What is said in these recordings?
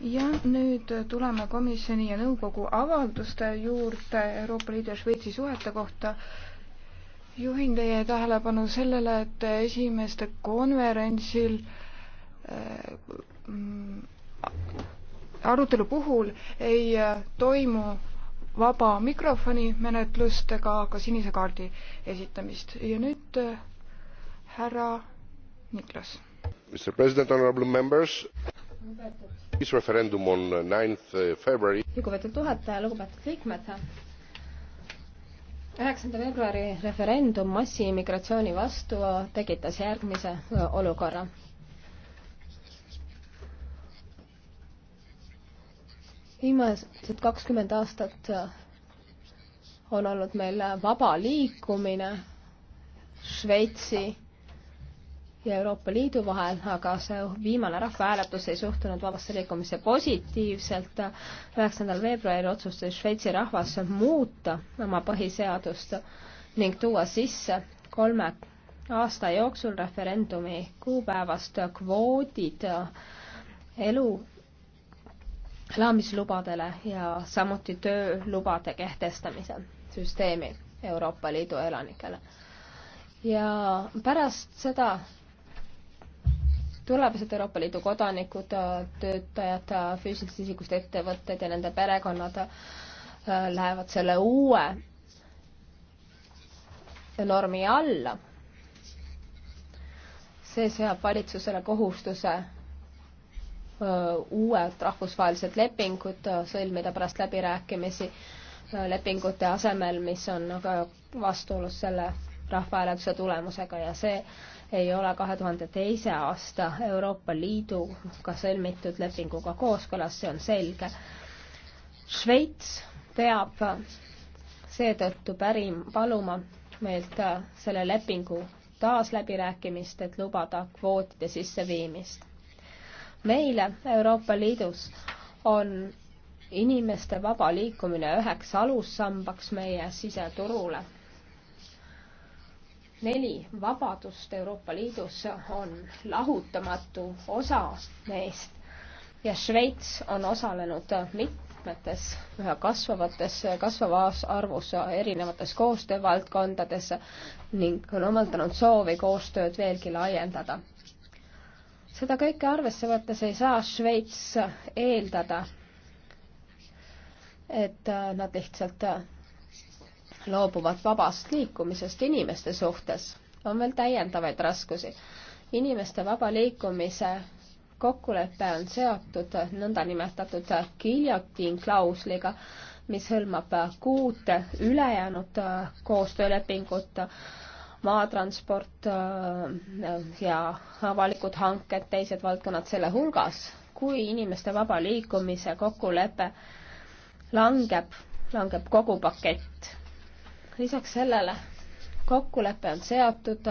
ja nüüd tuleme komisjoni ja nõukogu avalduste juurde Euroopa Liidu ja Šveitsi suhete kohta. juhin teie tähelepanu sellele, et esimeste konverentsil äh, arutelu puhul ei toimu vaba mikrofoni menetlust ega ka sinise kaardi esitamist ja nüüd äh, härra Niklas. Mr President, honorable members. lugupeetud Uh, lugupeetud juhataja, lugupeetud liikmed. üheksanda veebruari referendum massiimmigratsiooni vastu tekitas järgmise uh, olukorra. viimased kakskümmend aastat uh, on olnud meil vaba liikumine Šveitsi ja Euroopa Liidu vahel, aga see viimane rahvahääletus ei suhtunud vabasse liikumisse positiivselt. üheksandal veebruaril otsustas Šveitsi rahvas muuta oma põhiseadust ning tuua sisse kolme aasta jooksul referendumi kuupäevast kvoodid elu elamislubadele ja samuti töölubade kehtestamise süsteemi Euroopa Liidu elanikele ja pärast seda tulevased Euroopa Liidu kodanikud, töötajad, füüsilisest isikust ettevõtted ja nende perekonnad äh, lähevad selle uue normi alla. see seab valitsusele kohustuse äh, uued rahvusvahelised lepingud äh, sõlmida pärast läbirääkimisi lepingute asemel, mis on aga vastuolus selle rahvahääletuse tulemusega ja see ei ole kahe tuhande teise aasta Euroopa Liiduga sõlmitud lepinguga kooskõlas, see on selge. Šveits peab seetõttu pärim, paluma meilt äh, selle lepingu taasläbirääkimist, et lubada kvootide sisseviimist. meile Euroopa Liidus on inimeste vaba liikumine üheks alussambaks meie siseturule neli vabadust Euroopa Liidus on lahutamatu osa neist ja Šveits on osalenud mitmetes üha kasvavates, kasvavas arvus erinevates koostöövaldkondades ning on omandanud soovi koostööd veelgi laiendada. seda kõike arvesse võttes ei saa Šveits eeldada, et nad lihtsalt loobuvad vabast liikumisest inimeste suhtes, on veel täiendavaid raskusi. inimeste vaba liikumise kokkulepe on seotud nõndanimetatud giljotiinklausliga, mis hõlmab kuut ülejäänud koostöölepingut, maatransport äh, ja avalikud hanked, teised valdkonnad selle hulgas. kui inimeste vaba liikumise kokkulepe langeb, langeb kogu pakett lisaks sellele kokkulepe on seotud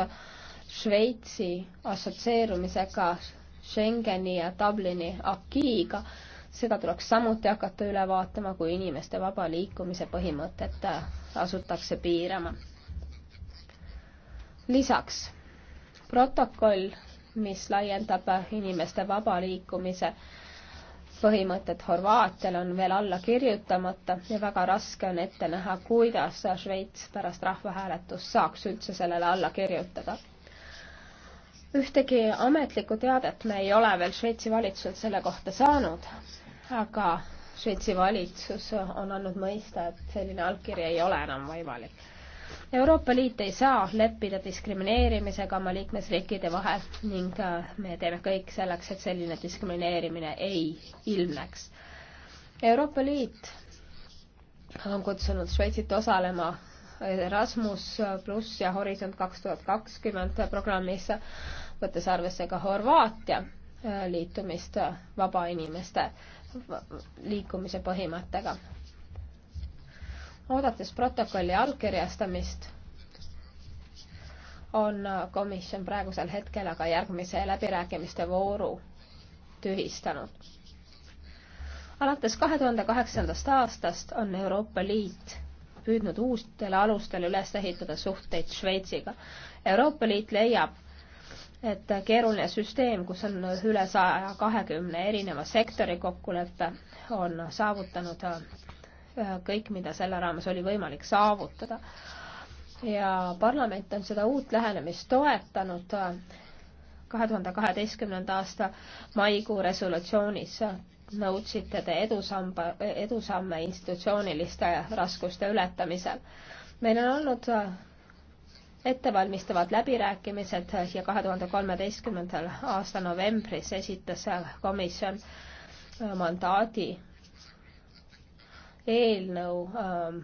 Šveitsi assotsieerumisega Schengeni ja Dublini akiiga. seda tuleks samuti hakata üle vaatama, kui inimeste vaba liikumise põhimõtet asutakse piirama. lisaks protokoll, mis laiendab inimeste vaba liikumise põhimõtted Horvaatial on veel alla kirjutamata ja väga raske on ette näha, kuidas Šveits pärast rahvahääletust saaks üldse sellele alla kirjutada. ühtegi ametlikku teadet me ei ole veel Šveitsi valitsuselt selle kohta saanud, aga Šveitsi valitsus on andnud mõista, et selline allkiri ei ole enam võimalik Euroopa Liit ei saa leppida diskrimineerimisega oma liikmesriikide vahel ning äh, me teeme kõik selleks, et selline diskrimineerimine ei ilmneks. Euroopa Liit on kutsunud Šveitsit osalema Erasmus pluss ja Horisont kaks tuhat kakskümmend programmis, võttes arvesse ka Horvaatia äh, liitumist äh, vaba inimeste liikumise põhimõttega oodates protokolli allkirjastamist, on komisjon praegusel hetkel aga järgmise läbirääkimiste vooru tühistanud. alates kahe tuhande kaheksandast aastast on Euroopa Liit püüdnud uustele alustele üles ehitada suhteid Šveitsiga. Euroopa Liit leiab, et keeruline süsteem, kus on üle saja kahekümne erineva sektori kokkulepe, on saavutanud Äh, kõik, mida selle raames oli võimalik saavutada. ja parlament on seda uut lähenemist toetanud äh, kahe tuhande kaheteistkümnenda aasta maikuu resolutsioonis nõudsite te edusamba, edusamme institutsiooniliste raskuste ületamisel. meil on olnud äh, ettevalmistavad läbirääkimised ja kahe tuhande kolmeteistkümnendal aasta novembris esitas komisjon mandaadi eelnõu ähm,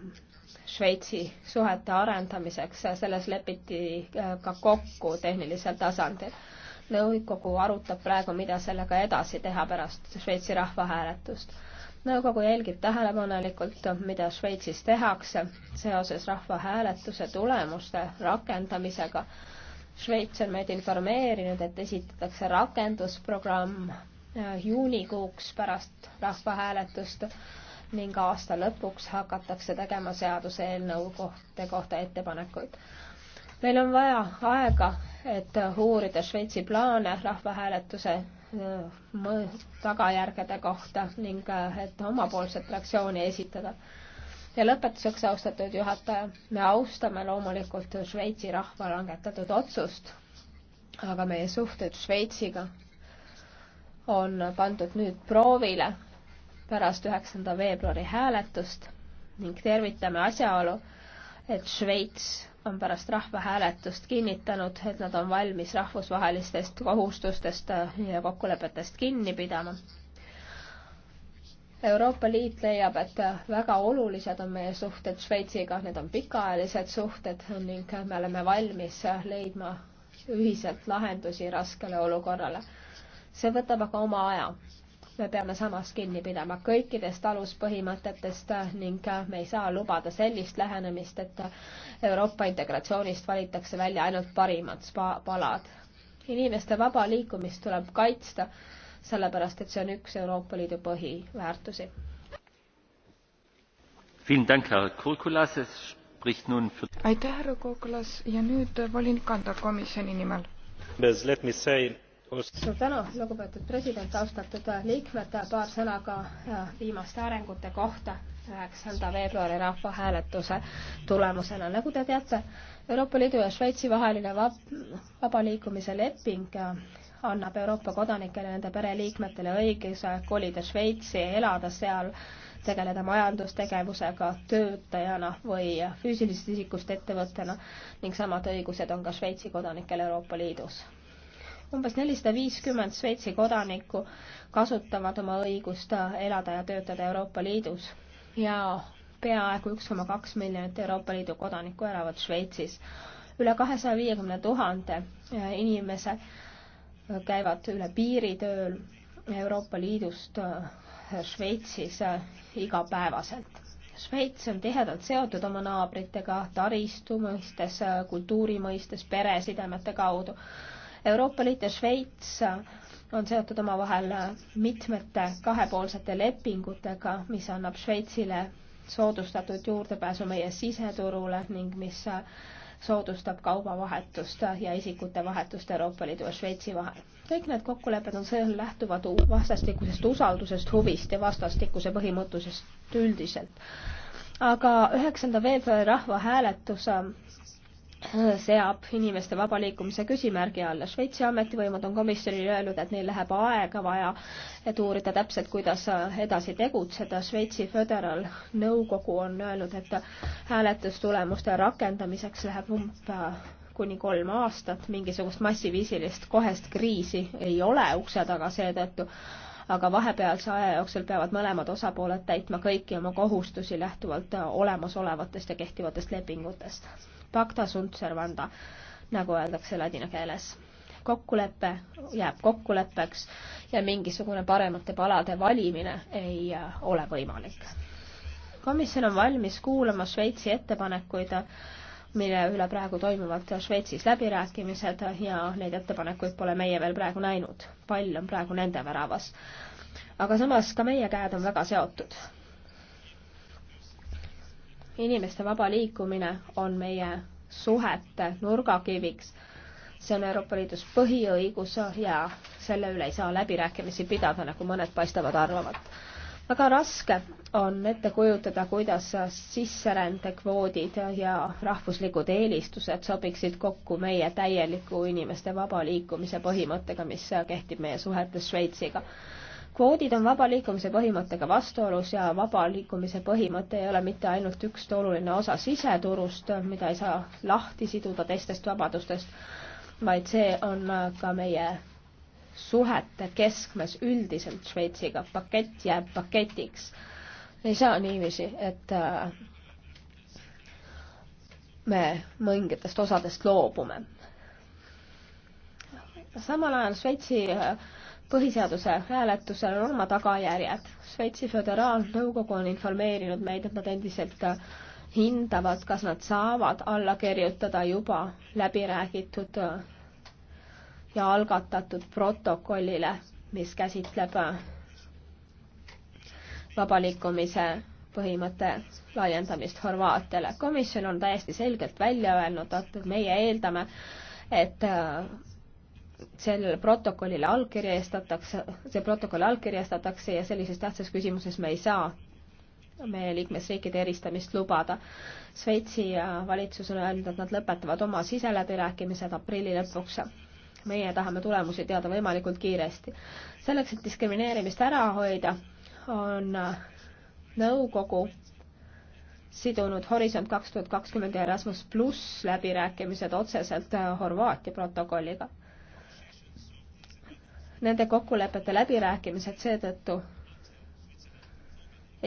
Šveitsi suhete arendamiseks, selles lepiti äh, ka kokku tehnilisel tasandil. nõukogu arutab praegu, mida sellega edasi teha pärast Šveitsi rahvahääletust. nõukogu jälgib tähelepanelikult, mida Šveitsis tehakse seoses rahvahääletuse tulemuste rakendamisega. Šveits on meid informeerinud, et esitatakse rakendusprogramm äh, juunikuuks pärast rahvahääletust ning aasta lõpuks hakatakse tegema seaduseelnõu kohte kohta ettepanekuid. meil on vaja aega, et uurida Šveitsi plaane rahvahääletuse äh, tagajärgede kohta ning äh, et omapoolset reaktsiooni esitada. ja lõpetuseks, austatud juhataja, me austame loomulikult Šveitsi rahva langetatud otsust, aga meie suhted Šveitsiga on pandud nüüd proovile pärast üheksanda veebruari hääletust ning tervitame asjaolu, et Šveits on pärast rahvahääletust kinnitanud, et nad on valmis rahvusvahelistest kohustustest äh, ja kokkulepetest kinni pidama. Euroopa Liit leiab, et äh, väga olulised on meie suhted Šveitsiga, need on pikaajalised suhted ning me oleme valmis äh, leidma ühiselt lahendusi raskele olukorrale. see võtab aga oma aja me peame samas kinni pidama kõikidest aluspõhimõtetest ning me ei saa lubada sellist lähenemist, et Euroopa integratsioonist valitakse välja ainult parimad spa-, palad. inimeste vaba liikumist tuleb kaitsta, sellepärast et see on üks Euroopa Liidu põhiväärtusi. aitäh, härra Kukulas ja nüüd volinik Ando komisjoni nimel suur tänu, lugupeetud president, austatud liikmed, paar sõna ka äh, viimaste arengute kohta üheksanda veebruari rahvahääletuse tulemusena. nagu te teate, Euroopa Liidu ja Šveitsi vaheline vab vaba liikumise leping äh, annab Euroopa kodanikele ja nende pereliikmetele õiguse kolida Šveitsi, elada seal, tegeleda majandustegevusega töötajana või füüsilisest isikust ettevõttena ning samad õigused on ka Šveitsi kodanikel Euroopa Liidus umbes nelisada viiskümmend Šveitsi kodanikku kasutavad oma õigust elada ja töötada Euroopa Liidus ja peaaegu üks koma kaks miljonit Euroopa Liidu kodanikku elavad Šveitsis. üle kahesaja viiekümne tuhande e, inimese e, käivad üle piiri tööl Euroopa Liidust e, Šveitsis igapäevaselt. Šveits on tihedalt seotud oma naabritega taristu mõistes, kultuuri mõistes, peresidemete kaudu Euroopa Liit ja Šveits on seotud omavahel mitmete kahepoolsete lepingutega, mis annab Šveitsile soodustatud juurdepääsu meie siseturule ning mis soodustab kaubavahetust ja isikute vahetust Euroopa Liidu ja Šveitsi vahel. kõik need kokkulepped on sellel lähtuvad vastastikusest usaldusest, huvist ja vastastikuse põhimõttusest üldiselt. aga üheksanda veebruari rahvahääletus seab inimeste vaba liikumise küsimärgi alla. Šveitsi ametivõimud on komisjonile öelnud, et neil läheb aega vaja, et uurida täpselt, kuidas edasi tegutseda. Šveitsi föderaalnõukogu on öelnud, et hääletustulemuste rakendamiseks läheb umbes kuni kolm aastat, mingisugust massiviisilist kohest kriisi ei ole ukse taga seetõttu, aga vahepealse aja jooksul peavad mõlemad osapooled täitma kõiki oma kohustusi lähtuvalt olemasolevatest ja kehtivatest lepingutest pacta sunt servanda, nagu öeldakse ladina keeles. kokkulepe jääb kokkuleppeks ja mingisugune paremate palade valimine ei äh, ole võimalik. komisjon on valmis kuulama Šveitsi ettepanekuid mille üle praegu toimuvad Šveitsis läbirääkimised ja neid ettepanekuid pole meie veel praegu näinud. pall on praegu nende väravas. aga samas ka meie käed on väga seotud inimeste vaba liikumine on meie suhete nurgakiviks. see on Euroopa Liidus põhiõigus ja selle üle ei saa läbirääkimisi pidada, nagu mõned paistavad arvavat. väga raske on ette kujutada, kuidas sisserändekvoodid ja rahvuslikud eelistused sobiksid kokku meie täieliku inimeste vaba liikumise põhimõttega, mis kehtib meie suhetes Šveitsiga kvoodid on vaba liikumise põhimõttega vastuolus ja vaba liikumise põhimõte ei ole mitte ainult üks oluline osa siseturust, mida ei saa lahti siduda teistest vabadustest, vaid see on ka meie suhete keskmes üldiselt Šveitsiga, pakett jääb paketiks. ei saa niiviisi, et äh, me mõningatest osadest loobume. samal ajal Šveitsi äh, põhiseaduse hääletusel on oma tagajärjed. Šveitsi Föderaalnõukogu on informeerinud meid, et nad endiselt hindavad, kas nad saavad alla kirjutada juba läbi räägitud ja algatatud protokollile, mis käsitleb vaba liikumise põhimõtte laiendamist Horvaatiale. komisjon on täiesti selgelt välja öelnud, et meie eeldame, et sellele protokollile allkirjastatakse, see protokoll allkirjastatakse ja sellises tähtsas küsimuses me ei saa meie liikmesriikide eristamist lubada. Šveitsi valitsus on öelnud, et nad lõpetavad oma siseläbirääkimised aprilli lõpuks. meie tahame tulemusi teada võimalikult kiiresti. selleks, et diskrimineerimist ära hoida, on nõukogu sidunud Horisont kaks tuhat kakskümmend ja Erasmus pluss läbirääkimised otseselt Horvaatia protokolliga nende kokkulepete läbirääkimised seetõttu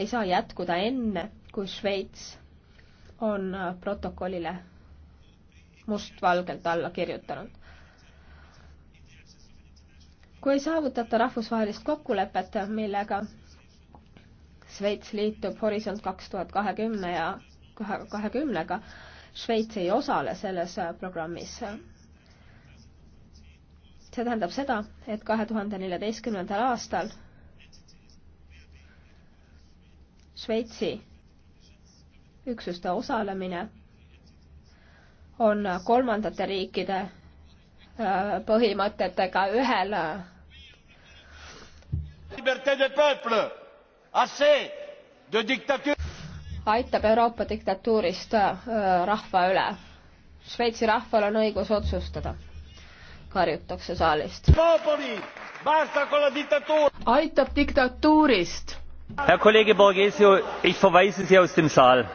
ei saa jätkuda enne, kui Šveits on protokollile mustvalgelt alla kirjutanud. kui ei saavutata rahvusvahelist kokkulepet, millega Šveits liitub Horisont kaks tuhat kahekümne ja kahekümnega, Šveits ei osale selles programmis see tähendab seda, et kahe tuhande neljateistkümnendal aastal Šveitsi üksuste osalemine on kolmandate riikide äh, põhimõtetega ühel äh, aitab Euroopa diktatuurist äh, rahva üle. Šveitsi rahval on õigus otsustada karjutakse saalist. aitab diktatuurist. Herr Kollege Borghesio, ich verweise Sie aus dem Saal.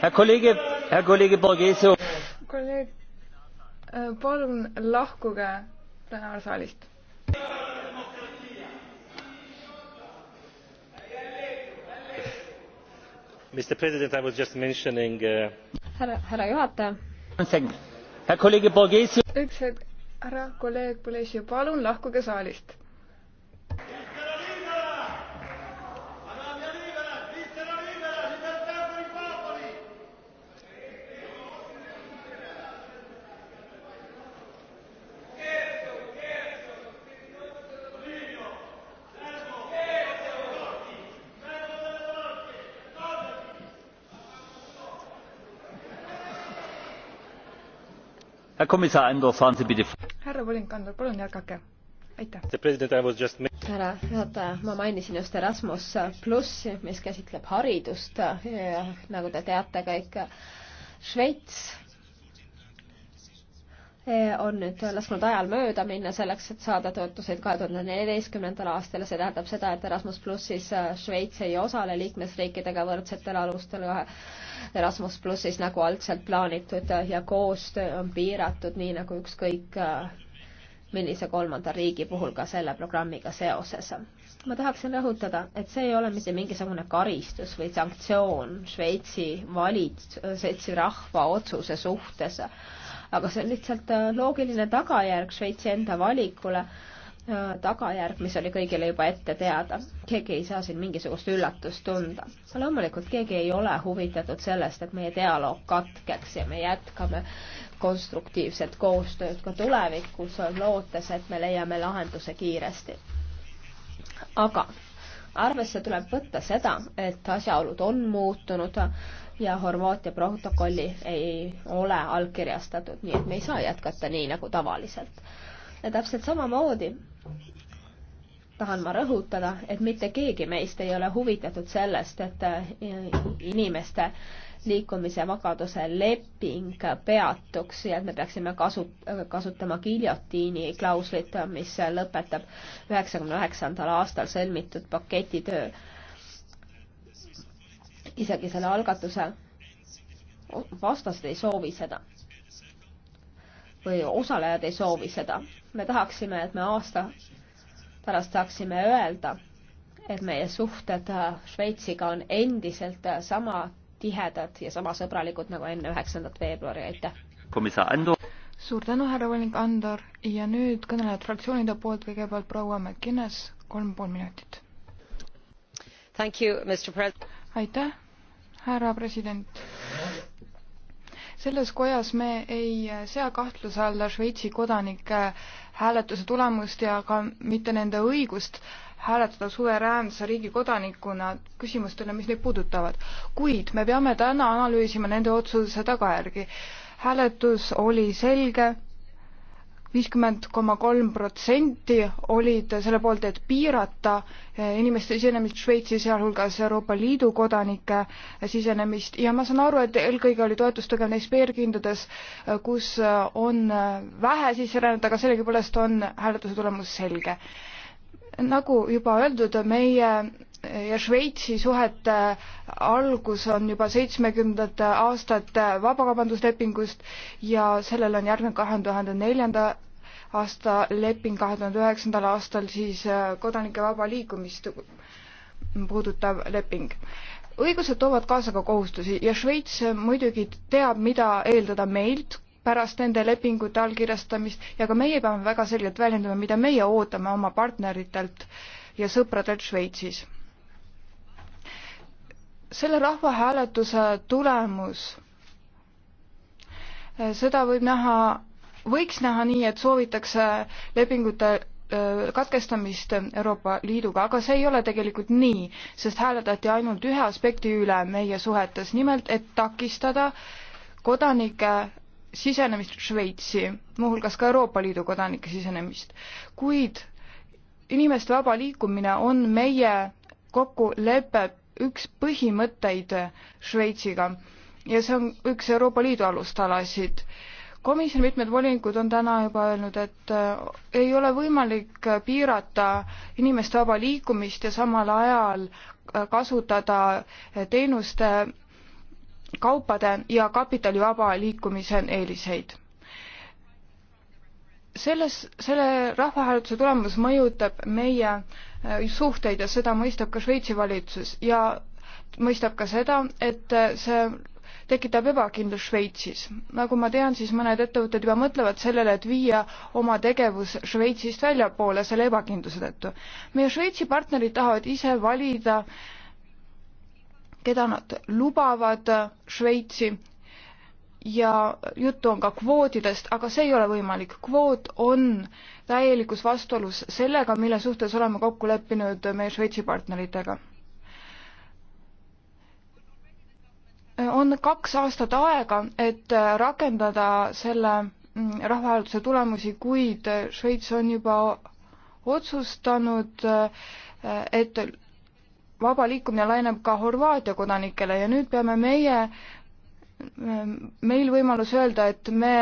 Herr Kollege, Herr Kollege Borghese. Kolleg Äh, palun lahkuge plenaarsaalist. Uh, härra, härra juhataja. üks hetk, härra kolleeg Polesi, palun lahkuge saalist härra volinik andor palun jätkake aitäh härra juhataja ma mainisin just Erasmus plussi mis käsitleb haridust ja nagu te teate kõik Šveits on nüüd lasknud ajal mööda minna selleks, et saada toetuseid kahe tuhande neljateistkümnendal aastal ja see tähendab seda, et Erasmus plussis äh, Šveits ei osale liikmesriikidega võrdsetel alustel äh, Erasmus plussis nagu algselt plaanitud ja koostöö on piiratud, nii nagu ükskõik äh, millise kolmanda riigi puhul ka selle programmiga seoses. ma tahaksin rõhutada, et see ei ole mitte mingisugune karistus või sanktsioon Šveitsi valits-, Šveitsi rahva otsuse suhtes aga see on lihtsalt äh, loogiline tagajärg Šveitsi enda valikule, äh, tagajärg, mis oli kõigile juba ette teada. keegi ei saa siin mingisugust üllatust tunda. loomulikult keegi ei ole huvitatud sellest, et meie dialoog katkeks ja me jätkame konstruktiivset koostööd ka tulevikus, lootes, et me leiame lahenduse kiiresti. aga arvesse tuleb võtta seda, et asjaolud on muutunud ja Horvaatia protokolli ei ole allkirjastatud, nii et me ei saa jätkata nii nagu tavaliselt. ja täpselt samamoodi tahan ma rõhutada, et mitte keegi meist ei ole huvitatud sellest, et eh, inimeste liikumise vabaduse leping peatuks ja et me peaksime kasu, kasutama giljotiini klauslit, mis lõpetab üheksakümne üheksandal aastal sõlmitud paketitöö isegi selle algatuse vastased ei soovi seda või osalejad ei soovi seda. me tahaksime, et me aasta pärast saaksime öelda, et meie suhted Šveitsiga on endiselt sama tihedad ja sama sõbralikud nagu enne üheksandat veebruari, aitäh! suur tänu, härra volinik Andor ja nüüd kõnelejad fraktsioonide poolt, kõigepealt proua McInnes, kolm pool minutit. aitäh! härra president. selles kojas me ei sea kahtluse alla Šveitsi kodanike hääletuse tulemust ja ka mitte nende õigust hääletada suveräänse riigi kodanikuna küsimustele, mis neid puudutavad. kuid me peame täna analüüsima nende otsuse tagajärgi. hääletus oli selge viiskümmend koma kolm protsenti olid selle poolt, et piirata eh, inimeste sisenemist Šveitsi, sealhulgas Euroopa Liidu kodanike eh, sisenemist ja ma saan aru, et eelkõige oli toetus tugev neis piirkondades, eh, kus on vähe sisserännet, aga sellegipoolest on hääletuse tulemus selge. nagu juba öeldud, meie ja Šveitsi suhete algus on juba seitsmekümnendate aastate vabakaubanduslepingust ja sellele on järgnenud kahe tuhande neljanda aasta leping kahe tuhande üheksandal aastal siis äh, kodanike vaba liikumist puudutav leping. õigused toovad kaasa ka kohustusi ja Šveits muidugi teab, mida eeldada meilt pärast nende lepingute allkirjastamist ja ka meie peame väga selgelt väljendama, mida meie ootame oma partneritelt ja sõpradelt Šveitsis. selle rahvahääletuse tulemus, äh, seda võib näha võiks näha nii, et soovitakse lepingute katkestamist Euroopa Liiduga, aga see ei ole tegelikult nii, sest hääletati ainult ühe aspekti üle meie suhetes, nimelt et takistada kodanike sisenemist Šveitsi, muuhulgas ka Euroopa Liidu kodanike sisenemist. kuid inimeste vaba liikumine on meie kokkuleppe üks põhimõtteid Šveitsiga ja see on üks Euroopa Liidu alustalasid komisjoni mitmed volinikud on täna juba öelnud, et äh, ei ole võimalik piirata inimeste vaba liikumist ja samal ajal äh, kasutada äh, teenuste, kaupade ja kapitali vaba liikumise eeliseid. selles, selle rahvahääletuse tulemus mõjutab meie suhteid ja seda mõistab ka Šveitsi valitsus ja mõistab ka seda, et see tekitab ebakindlust Šveitsis. nagu ma tean, siis mõned ettevõtted juba mõtlevad sellele, et viia oma tegevus Šveitsist väljapoole selle ebakindluse tõttu. meie Šveitsi partnerid tahavad ise valida, keda nad lubavad Šveitsi ja juttu on ka kvoodidest, aga see ei ole võimalik. kvoot on täielikus vastuolus sellega, mille suhtes oleme kokku leppinud meie Šveitsi partneritega on kaks aastat aega, et rakendada selle mm, rahvahääletuse tulemusi, kuid Šveits on juba otsustanud, äh, et vaba liikumine laieneb ka Horvaatia kodanikele ja nüüd peame meie, äh, meil võimalus öelda, et me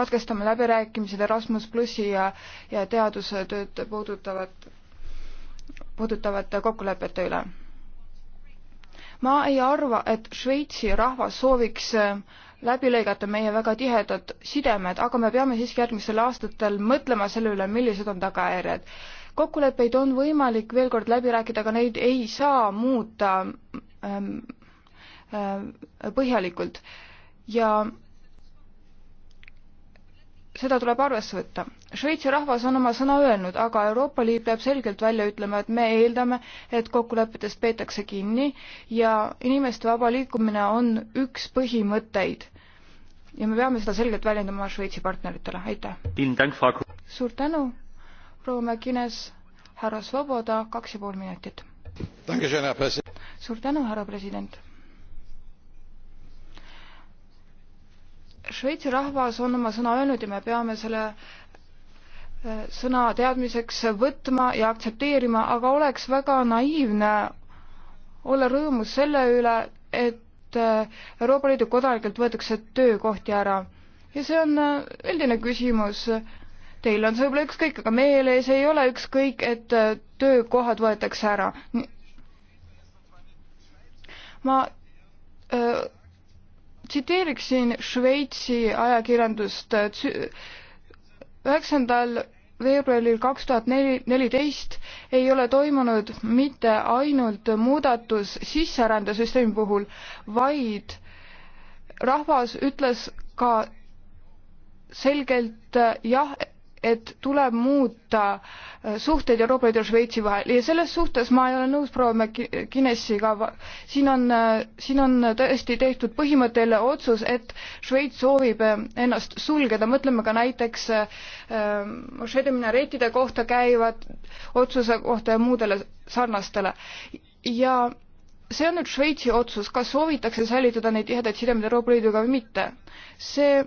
katkestame läbirääkimised Erasmus plussi ja, ja teadustööd puudutavat, puudutavate kokkulepete üle ma ei arva, et Šveitsi rahvas sooviks ähm, läbi lõigata meie väga tihedad sidemed, aga me peame siiski järgmistel aastatel mõtlema selle üle, millised on tagajärjed. kokkuleppeid on võimalik veel kord läbi rääkida, aga neid ei saa muuta ähm, äh, põhjalikult ja seda tuleb arvesse võtta. Šveitsi rahvas on oma sõna öelnud, aga Euroopa Liit peab selgelt välja ütlema, et me eeldame, et kokkulepetest peetakse kinni ja inimeste vaba liikumine on üks põhimõtteid. ja me peame seda selgelt väljendama Šveitsi partneritele, aitäh! suur tänu, proua Mäkines, härra Svoboda, kaks ja pool minutit. suur tänu, härra president! Šveitsi rahvas on oma sõna öelnud ja me peame selle äh, sõna teadmiseks võtma ja aktsepteerima, aga oleks väga naiivne olla rõõmus selle üle, et äh, Euroopa Liidu kodanikelt võetakse töökohti ära. ja see on äh, üldine küsimus. Teil on see võib-olla ükskõik, aga meil see ei ole ükskõik, et töökohad võetakse ära. ma öö, tsiteeriksin Šveitsi ajakirjandust üheksandal veebruaril kaks tuhat neli, neliteist ei ole toimunud mitte ainult muudatus sisserändesüsteemi puhul, vaid rahvas ütles ka selgelt jah et tuleb muuta äh, suhteid Euroopa Liidu ja Šveitsi vahel ja selles suhtes ma ei ole nõus proua McGuinnessiga, äh, siin on, äh, siin on tõesti tehtud põhimõtteline otsus, et Šveits soovib ennast sulgeda, mõtleme ka näiteks seminareetide kohta käivad otsuse kohta ja muudele sarnastele. ja see on nüüd Šveitsi otsus, kas soovitakse säilitada neid tihedaid sidemeid Euroopa Liiduga või mitte. see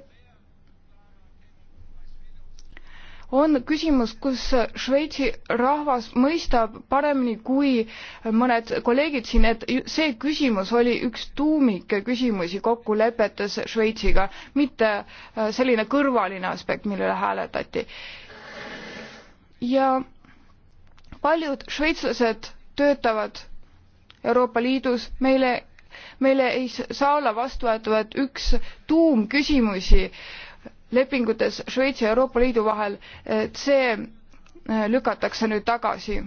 on küsimus, kus Šveitsi rahvas mõistab paremini kui mõned kolleegid siin, et see küsimus oli üks tuumikke küsimusi kokkulepetes Šveitsiga, mitte äh, selline kõrvaline aspekt, mille üle hääletati. ja paljud šveitslased töötavad Euroopa Liidus, meile, meile ei saa olla vastuvõetav, et üks tuumküsimusi äh, lepingutes Šveitsi ja Euroopa Liidu vahel, et see eh, lükatakse nüüd tagasi.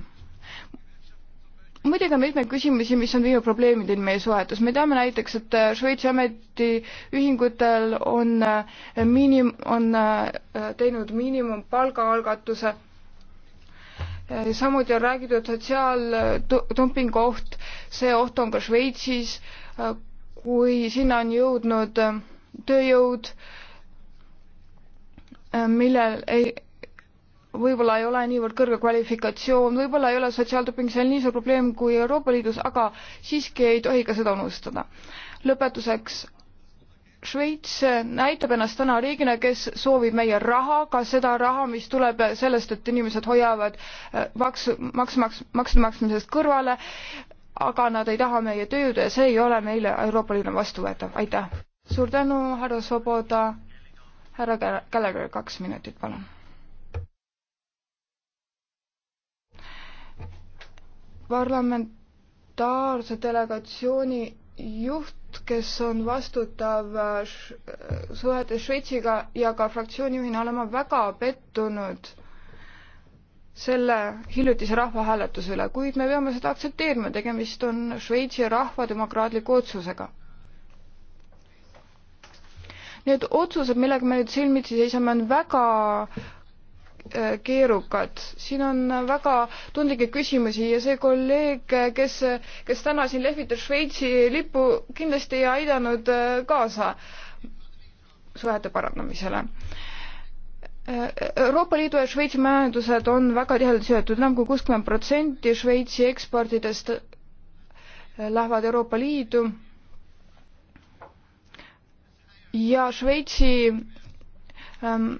muidugi on mitmeid küsimusi, mis on viinud probleemideni meie suhetes. me teame näiteks, et eh, Šveitsi ametiühingutel on eh, miinim-, on teinud miinimumpalga algatuse, samuti on räägitud sotsiaaldumpingu oht, see oht on ka Šveitsis, kui sinna on jõudnud tööjõud äh, millel ei, võib-olla ei ole niivõrd kõrge kvalifikatsioon, võib-olla ei ole sotsiaaltõpping seal nii suur probleem kui Euroopa Liidus, aga siiski ei tohi ka seda unustada. lõpetuseks, Šveits näitab ennast täna riigina, kes soovib meie raha, ka seda raha, mis tuleb sellest, et inimesed hoiavad äh, maks, maks, maks, maksude maksmisest kõrvale, aga nad ei taha meie tööd ja see ei ole meile Euroopa Liidule vastuvõetav, aitäh! suur tänu, härra Soboda! härra Gallagher, kaks minutit, palun. parlamentaarse delegatsiooni juht, kes on vastutav äh, suhetes Šveitsiga ja ka fraktsiooni juhina, olen ma väga pettunud selle hiljutise rahvahääletuse üle, kuid me peame seda aktsepteerima, tegemist on Šveitsi rahva demokraatliku otsusega Need otsused, millega me nüüd silmitsi seisame, on väga äh, keerukad, siin on väga tundlikke küsimusi ja see kolleeg, kes, kes täna siin lehvitas Šveitsi lipu, kindlasti ei aidanud äh, kaasa suhete parandamisele. Äh, Euroopa Liidu ja Šveitsi majandused on väga tihedalt seotud, enam kui kuuskümmend protsenti Šveitsi ekspordidest lähevad Euroopa Liidu ja Šveitsi ähm,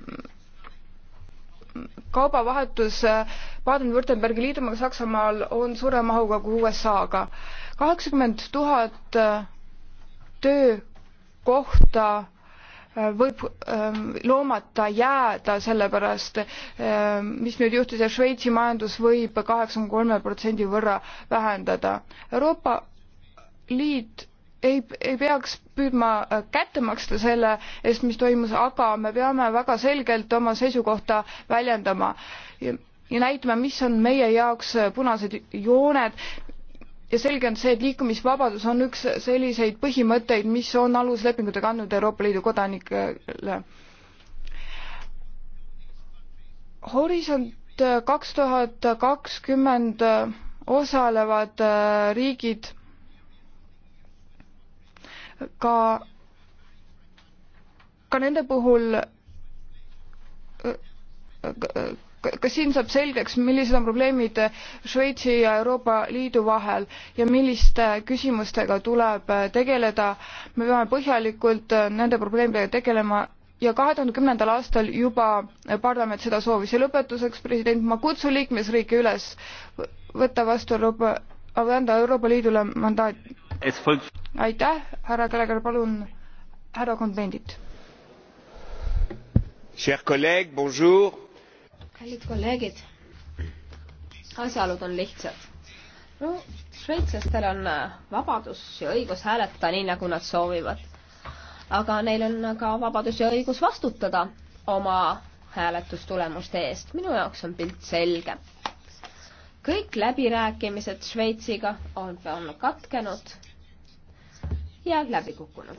kaubavahetus äh, Baden-Württembergi liidumaga Saksamaal on suure mahuga kui USA-ga. kaheksakümmend tuhat äh, töökohta äh, võib ähm, loomata jääda, sellepärast ähm, mis nüüd juhtus ja Šveitsi majandus võib kaheksakümne kolme protsendi võrra vähendada. Euroopa Liit ei, ei peaks püüdma äh, kätte maksta selle eest, mis toimus, aga me peame väga selgelt oma seisukohta väljendama ja, ja näitama, mis on meie jaoks äh, punased jooned. ja selge on see, et liikumisvabadus on üks selliseid põhimõtteid, mis on aluslepingutega andnud Euroopa Liidu kodanikele. horisont äh, kaks tuhat kakskümmend osalevad riigid ka, ka nende puhul kas siin saab selgeks, millised on probleemid Šveitsi ja Euroopa Liidu vahel ja milliste küsimustega tuleb tegeleda. me peame põhjalikult nende probleemidega tegelema ja kahe tuhande kümnendal aastal juba parlament seda soovis ja lõpetuseks president, ma kutsun liikmesriike üles võtta vastu Euroopa, anda Euroopa Liidule mandaat aitäh, härra Kalegar, palun härra Konvendit. kallid kolleegid, asjaolud on lihtsad no,. šveitslastel on äh, vabadus ja õigus hääletada nii, nagu nad soovivad. aga neil on ka vabadus ja õigus vastutada oma hääletustulemuste eest. minu jaoks on pilt selge kõik läbirääkimised Šveitsiga on, on katkenud ja läbi kukkunud.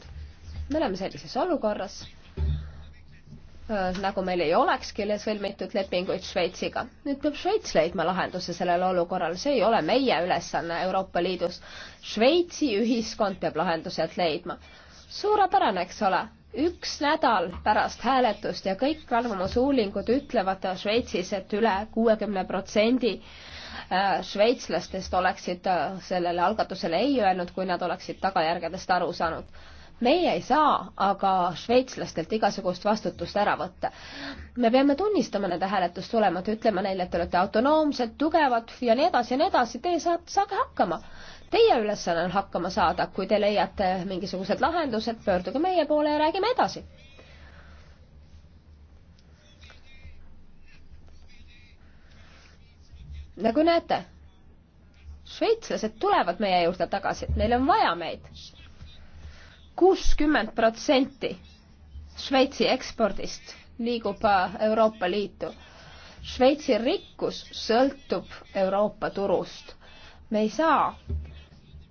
me oleme sellises olukorras, äh, nagu meil ei olekski sõlmitud lepinguid Šveitsiga. nüüd peab Šveits leidma lahenduse sellele olukorrale, see ei ole meie ülesanne Euroopa Liidus. Šveitsi ühiskond peab lahendused leidma. suurepärane, eks ole? üks nädal pärast hääletust ja kõik arvamusuuringud ütlevad Šveitsis, et üle kuuekümne protsendi Äh, šveitslastest oleksid äh, sellele algatusele ei öelnud, kui nad oleksid tagajärgedest aru saanud. meie ei saa aga šveitslastelt igasugust vastutust ära võtta. me peame tunnistama nende hääletustulemat, ütlema neile, et te olete autonoomsed, tugevad ja nii edasi ja nii edasi, teie saate, saage hakkama teie ülesanne on hakkama saada, kui te leiate mingisugused lahendused, pöörduge meie poole ja räägime edasi nagu näete, šveitslased tulevad meie juurde tagasi, et neil on vaja meid. kuuskümmend protsenti Šveitsi ekspordist liigub äh, Euroopa Liitu. Šveitsi rikkus sõltub Euroopa turust. me ei saa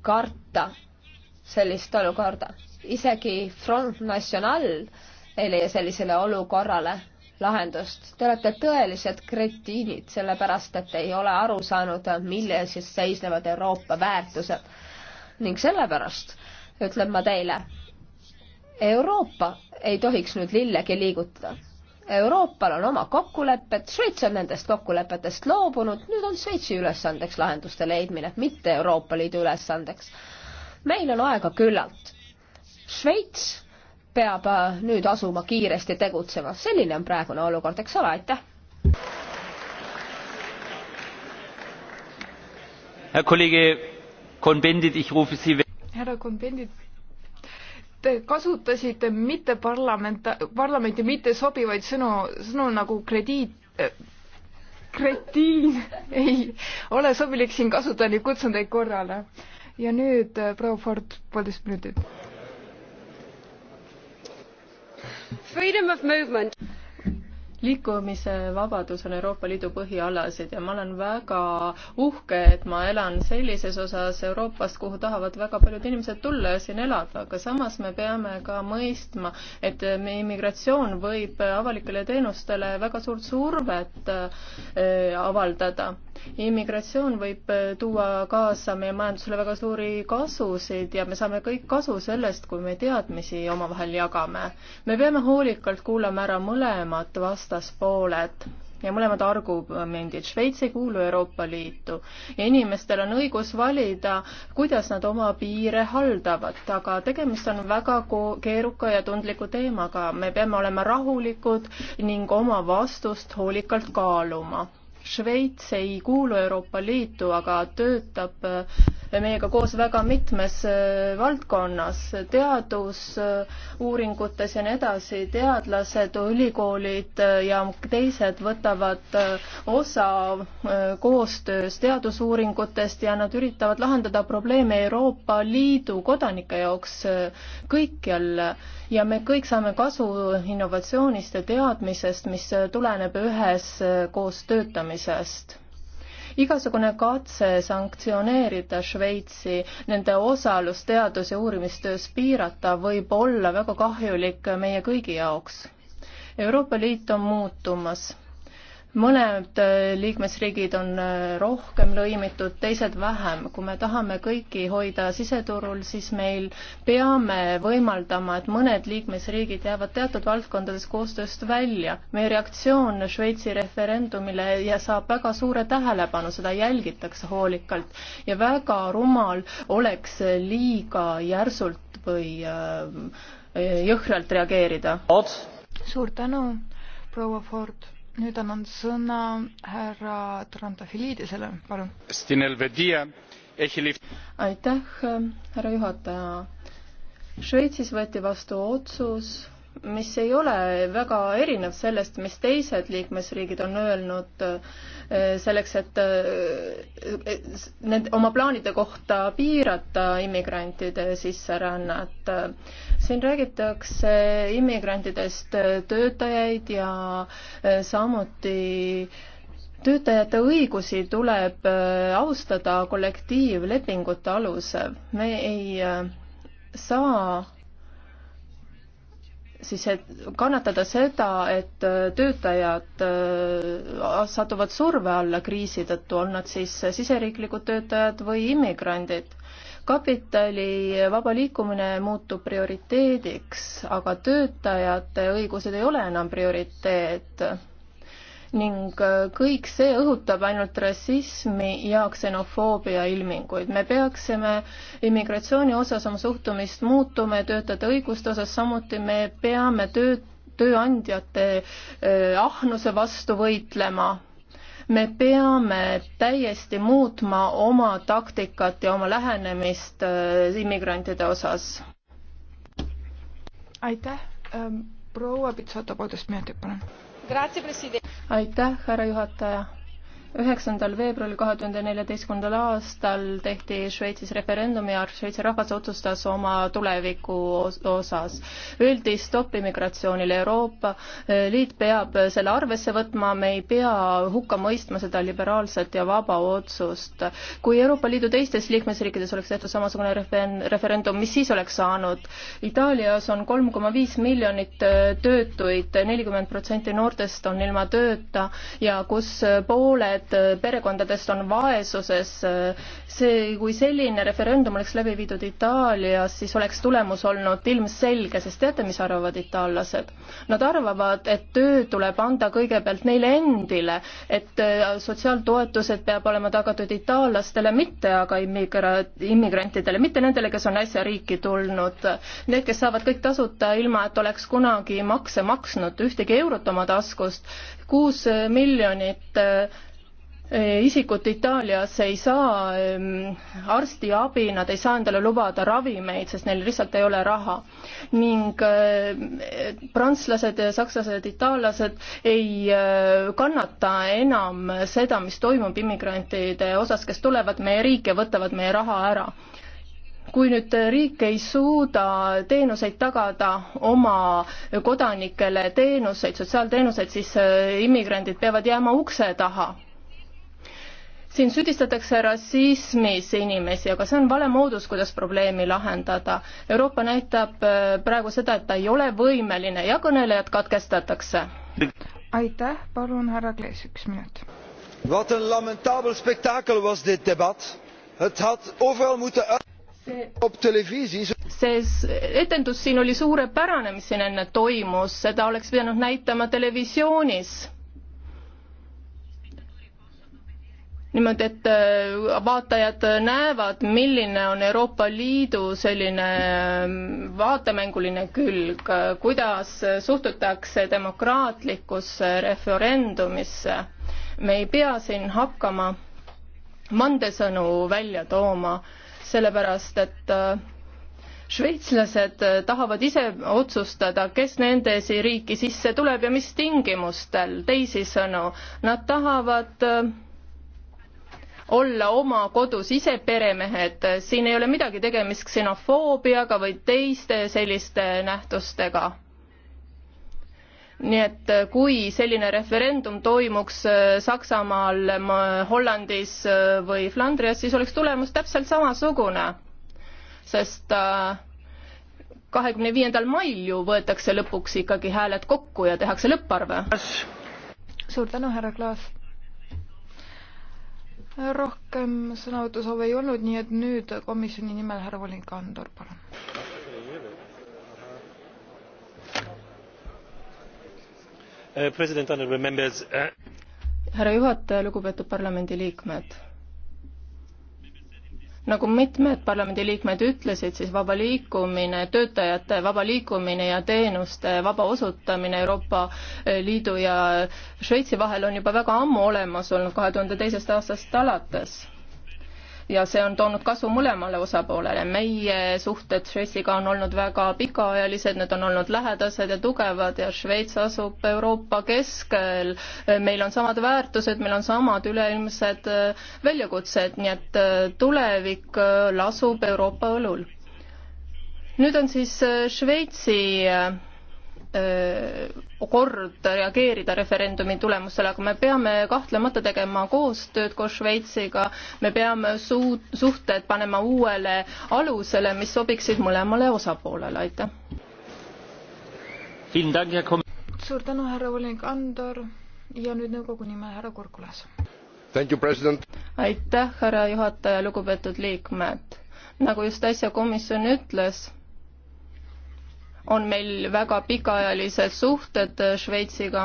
karta sellist olukorda. isegi Front National ei leia sellisele olukorrale lahendust. Te olete tõelised kretiinid, sellepärast et ei ole aru saanud, milles siis seisnevad Euroopa väärtused. ning sellepärast ütlen ma teile, Euroopa ei tohiks nüüd lillegi liigutada. Euroopal on oma kokkulepped, Šveits on nendest kokkulepetest loobunud, nüüd on Šveitsi ülesandeks lahenduste leidmine, mitte Euroopa Liidu ülesandeks. meil on aega küllalt. Šveits peab äh, nüüd asuma kiiresti tegutsema. selline on praegune olukord, eks ole, aitäh. Herr Kollege Kohn-Bendit, ich rufe Sie. härra Kohn-Bendit, te kasutasite mitte parlamenta-, parlamenti mittesobivaid sõnu, sõnu nagu krediit äh,, kretiin ei ole sobilik siin kasutada, nii kutsun teid korrale. ja nüüd äh, proua Ford, poolteist minutit liikumise vabadus on Euroopa Liidu põhialasid ja ma olen väga uhke, et ma elan sellises osas Euroopast, kuhu tahavad väga paljud inimesed tulla ja siin elada, aga samas me peame ka mõistma, et meie immigratsioon võib avalikele teenustele väga suurt survet äh, avaldada immigratsioon võib äh, tuua kaasa meie majandusele väga suuri kasusid ja me saame kõik kasu sellest, kui me teadmisi omavahel jagame. me peame hoolikalt kuulama ära mõlemad vastaspooled ja mõlemad argumendid. Šveits ei kuulu Euroopa Liitu ja inimestel on õigus valida, kuidas nad oma piire haldavad, aga tegemist on väga keeruka ja tundliku teemaga. me peame olema rahulikud ning oma vastust hoolikalt kaaluma Šveits ei kuulu Euroopa Liitu, aga töötab äh, meiega koos väga mitmes äh, valdkonnas, teadusuuringutes äh, ja nii edasi, teadlased, ülikoolid ja teised võtavad osa koostöös teadusuuringutest ja nad üritavad lahendada probleeme Euroopa Liidu kodanike jaoks kõikjal ja me kõik saame kasu innovatsioonist ja teadmisest, mis tuleneb üheskoos äh, töötamisest. igasugune katse sanktsioneerida Šveitsi, nende osalust teadus- ja uurimistöös piirata, võib olla väga kahjulik meie kõigi jaoks. Euroopa Liit on muutumas mõned äh, liikmesriigid on äh, rohkem lõimitud, teised vähem. kui me tahame kõiki hoida siseturul, siis meil peame võimaldama, et mõned liikmesriigid jäävad teatud valdkondades koostööst välja. meie reaktsioon Šveitsi referendumile ja saab väga suure tähelepanu, seda jälgitakse hoolikalt ja väga rumal oleks liiga järsult või äh, jõhkralt reageerida. suur tänu, proua Ford nüüd annan sõna härra Trantafilidisele, palun. aitäh, härra juhataja. Šveitsis võeti vastu otsus mis ei ole väga erinev sellest, mis teised liikmesriigid on öelnud äh, selleks, et äh, äh, need oma plaanide kohta piirata immigrantide sisserännet. siin räägitakse immigrantidest töötajaid ja samuti töötajate õigusi tuleb austada kollektiivlepingute alusel. me ei saa siis et kannatada seda, et äh, töötajad äh, satuvad surve alla kriisi tõttu, on nad siis siseriiklikud töötajad või immigrandid. kapitali vaba liikumine muutub prioriteediks, aga töötajate õigused ei ole enam prioriteet ning äh, kõik see õhutab ainult rassismi ja ksenofoobia ilminguid. me peaksime immigratsiooni osas oma suhtumist muutuma ja töötajate õiguste osas samuti me peame töö, tööandjate eh, ahnuse vastu võitlema me peame täiesti muutma oma taktikat ja oma lähenemist äh, immigrantide osas. aitäh, ähm, proua Pitsoto, poolteist minutit, palun aitäh, härra juhataja üheksandal veebruaril kahe tuhande neljateistkümnendal aastal tehti Šveitsis referendum ja Šveitsi rahvas otsustas oma tuleviku osas. üldist stoppi migratsioonile Euroopa eh, Liit peab selle arvesse võtma, me ei pea hukka mõistma seda liberaalset ja vaba otsust. kui Euroopa Liidu teistes liikmesriikides oleks tehtud samasugune referen-, referendum, mis siis oleks saanud? Itaalias on kolm koma viis miljonit eh, töötuid, nelikümmend protsenti noortest on ilma tööta ja kus pooled pooled äh, perekondadest on vaesuses. Äh, see, kui selline referendum oleks läbi viidud Itaalias, siis oleks tulemus olnud ilmselge, sest teate, mis arvavad itaallased? Nad arvavad, et töö tuleb anda kõigepealt neile endile, et äh, sotsiaaltoetused peab olema tagatud itaallastele, mitte aga immigra-, immigrantidele, mitte nendele, kes on äsja riiki tulnud. Need, kes saavad kõik tasuta, ilma et oleks kunagi makse maksnud, ühtegi eurot oma taskust, kuus miljonit Eh, isikut Itaalias ei saa ehm, arstiabi, nad ei saa endale lubada ravimeid, sest neil lihtsalt ei ole raha. ning eh, prantslased, sakslased, itaallased ei eh, kannata enam seda, mis toimub immigrantide osas, kes tulevad meie riiki ja võtavad meie raha ära kui nüüd riik ei suuda teenuseid tagada oma kodanikele, teenuseid, sotsiaalteenuseid, siis immigrandid peavad jääma ukse taha siin süüdistatakse rassismis inimesi, aga see on vale moodus, kuidas probleemi lahendada. Euroopa näitab äh, praegu seda, et ta ei ole võimeline ja kõnelejad katkestatakse. aitäh, palun härra Klees, üks minut. Wat een lamentabel spektakel was dit debat. Het had overal moeten op televisie. see etendus siin oli suurepärane, mis siin enne toimus, seda oleks pidanud näitama televisioonis niimoodi, et äh, vaatajad näevad, milline on Euroopa Liidu selline ähm, vaatemänguline külg, kuidas suhtutakse demokraatlikusse referendumisse. me ei pea siin hakkama mandesõnu välja tooma, sellepärast et äh, šveitslased tahavad ise otsustada, kes nende riiki sisse tuleb ja mis tingimustel, teisisõnu, nad tahavad äh, olla oma kodus ise peremehed, siin ei ole midagi tegemist ksenofoobiaga või teiste selliste nähtustega. nii et äh, kui selline referendum toimuks äh, Saksamaal, äh, Hollandis või Flandrias, siis oleks tulemus täpselt samasugune, sest kahekümne viiendal mail ju võetakse lõpuks ikkagi hääled kokku ja tehakse lõpparve. suur tänu, härra Klaas rohkem sõnavõtusoove ei olnud, nii et nüüd komisjoni nimel härra volinik Andor, palun. Uh, president, honorable members. Uh härra juhataja, lugupeetud parlamendiliikmed nagu mitmed parlamendiliikmed ütlesid, siis vaba liikumine, töötajate vaba liikumine ja teenuste vaba osutamine Euroopa eh, Liidu ja Šveitsi vahel on juba väga ammu olemas olnud, kahe tuhande teisest aastast alates ja see on toonud kasu mõlemale osapoolele. meie suhted Šveitsiga on olnud väga pikaajalised, need on olnud lähedased ja tugevad ja Šveits asub Euroopa keskel. meil on samad väärtused, meil on samad üleilmsed äh, väljakutsed, nii et äh, tulevik äh, lasub Euroopa õlul. nüüd on siis Šveitsi kord reageerida referendumi tulemustele, aga me peame kahtlemata tegema koostööd koos Šveitsiga, me peame suu-, suhted panema uuele alusele, mis sobiksid mõlemale osapoolele, aitäh. suur tänu, härra volinik Andor ja nüüd nõukogu nimel härra Kurkulas. aitäh, härra juhataja, lugupeetud liikmed. nagu just äsja komisjon ütles on meil väga pikaajalised suhted äh, Šveitsiga.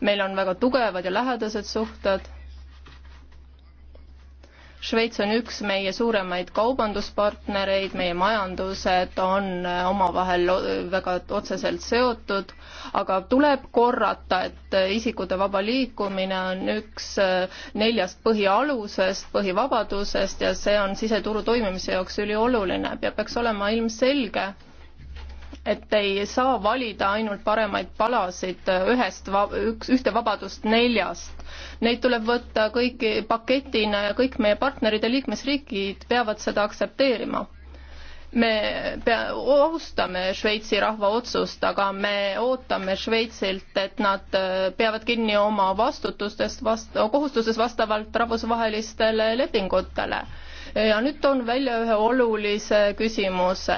meil on väga tugevad ja lähedased suhted. Šveits on üks meie suuremaid kaubanduspartnereid, meie majandused on äh, omavahel äh, väga otseselt seotud, aga tuleb korrata, et isikute vaba liikumine on üks neljast põhialusest, põhivabadusest ja see on siseturu toimimise jaoks ülioluline ja peaks olema ilmselge et ei saa valida ainult paremaid palasid ühest, üks, ühte vabadust neljast. Neid tuleb võtta kõiki paketina ja kõik meie partnerid ja liikmesriigid peavad seda aktsepteerima. me pea-, austame Šveitsi rahva otsust, aga me ootame Šveitsilt, et nad äh, peavad kinni oma vastutustest vast-, kohustustes vastavalt rahvusvahelistele lepingutele ja nüüd toon välja ühe olulise küsimuse.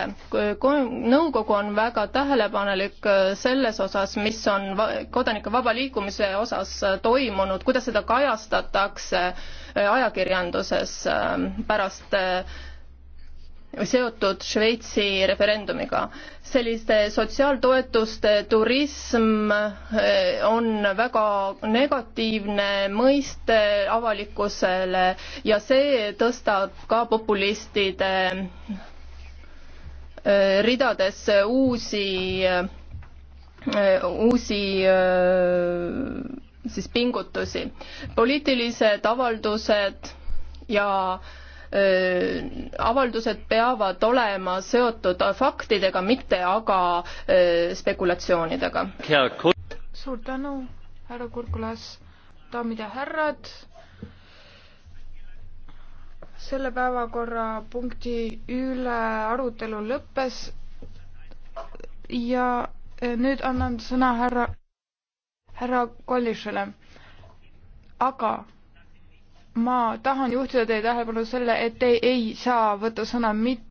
nõukogu on väga tähelepanelik äh, selles osas, mis on kodanike vaba liikumise osas äh, toimunud, kuidas seda kajastatakse äh, ajakirjanduses pärast seotud Šveitsi referendumiga. selliste sotsiaaltoetuste turism eh, on väga negatiivne mõiste avalikkusele ja see tõstab ka populistide eh, ridades uusi, eh, uusi siis pingutusi. poliitilised avaldused ja äh, avaldused peavad olema seotud faktidega, mitte aga spekulatsioonidega. suur tänu, härra Kurkulas, daamid ja härrad. selle päevakorrapunkti üle arutelu lõppes ja nüüd annan sõna härra, härra Kollisele. aga ma tahan juhtida teie tähelepanu selle, et te ei saa võtta sõna mitte